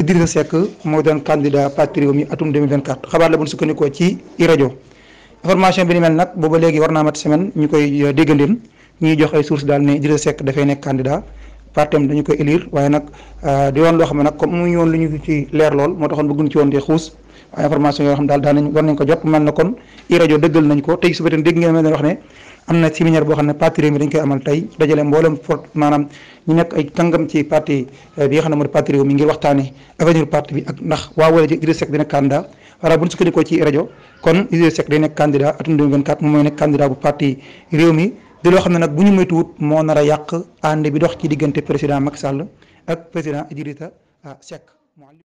Idrissa Seck mooy doon candidat parti Rewmi atum 2024 la bu ñu sukkandikoo ci i rajo information bi ni mel nag booba léegi war naa mat semaine ñu koy euh, déggandeel ñuy jox ay sources daal ne Idrissa Seck dafay nekk candidat partem dañu koy élire waaye nag euh, di woon loo xam ne nag comme mu ñu woon lu ñu ci leer lool moo taxoon bëgguñu ci woon dee xuus information yoo xam daal daan nañ war nañ ko jot mel na kon i dëggal nañ ko tey suba itam am na séminaire boo xam ne parti réew mi dañ koy amal tey dajale mboolem fort maanaam ñu nekk ay kàngam ci parti eh, bi nga xam ne moo di parti réew mi ngir waxtaane avenir parti bi ak ndax waaw wala Idrissa Seck dina candidat wala bu ñu rajo kon Idrissa Seck day nekk candidat atum 2024 moom mooy nekk candidat bu parti réew mi di loo xam ne nag bu ñu moytuwut moo nar a yàq ànd bi dox ci diggante président Macky Sall ak président Idrissa ah, Seck